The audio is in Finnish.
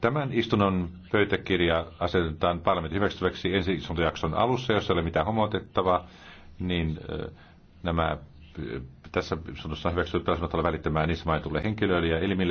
Tämän istunnon pöytäkirja asetetaan parlamentin hyväksyväksi ensi istuntojakson alussa, jos ei ole mitään homotettavaa, niin äh, nämä äh, tässä istunnossa hyväksytyt pääsevät olla välittämään niissä mainituille henkilöille ja elimille.